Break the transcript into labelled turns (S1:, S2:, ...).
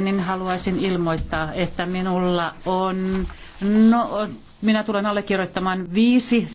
S1: niin haluaisin ilmoittaa, että minulla on, no, minä tulen allekirjoittamaan viisi